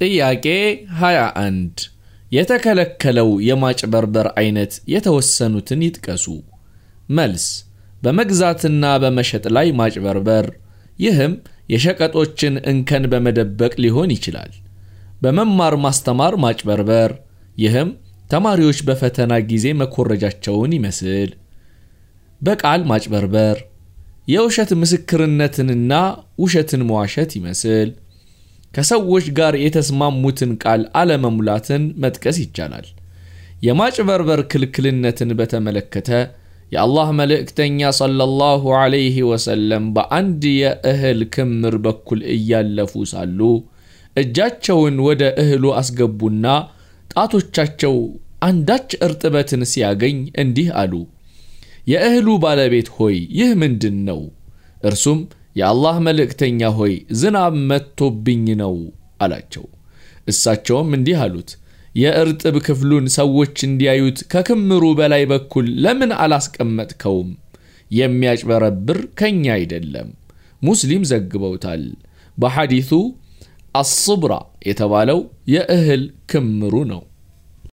ጥያቄ 21 የተከለከለው የማጭበርበር አይነት የተወሰኑትን ይጥቀሱ። መልስ በመግዛትና በመሸጥ ላይ ማጭበርበር፣ ይህም የሸቀጦችን እንከን በመደበቅ ሊሆን ይችላል። በመማር ማስተማር ማጭበርበር፣ ይህም ተማሪዎች በፈተና ጊዜ መኮረጃቸውን ይመስል። በቃል ማጭበርበር፣ የውሸት ምስክርነትንና ውሸትን መዋሸት ይመስል። ከሰዎች ጋር የተስማሙትን ቃል አለመሙላትን መጥቀስ ይቻላል። የማጭበርበር ክልክልነትን በተመለከተ የአላህ መልእክተኛ ሰለላሁ ዐለይሂ ወሰለም በአንድ የእህል ክምር በኩል እያለፉ ሳሉ እጃቸውን ወደ እህሉ አስገቡና ጣቶቻቸው አንዳች እርጥበትን ሲያገኝ እንዲህ አሉ፣ የእህሉ ባለቤት ሆይ ይህ ምንድን ነው? እርሱም የአላህ መልእክተኛ ሆይ ዝናብ መጥቶብኝ ነው አላቸው። እሳቸውም እንዲህ አሉት፣ የእርጥብ ክፍሉን ሰዎች እንዲያዩት ከክምሩ በላይ በኩል ለምን አላስቀመጥከውም? የሚያጭበረብር ከኛ አይደለም። ሙስሊም ዘግበውታል። በሐዲሱ አስብራ የተባለው የእህል ክምሩ ነው።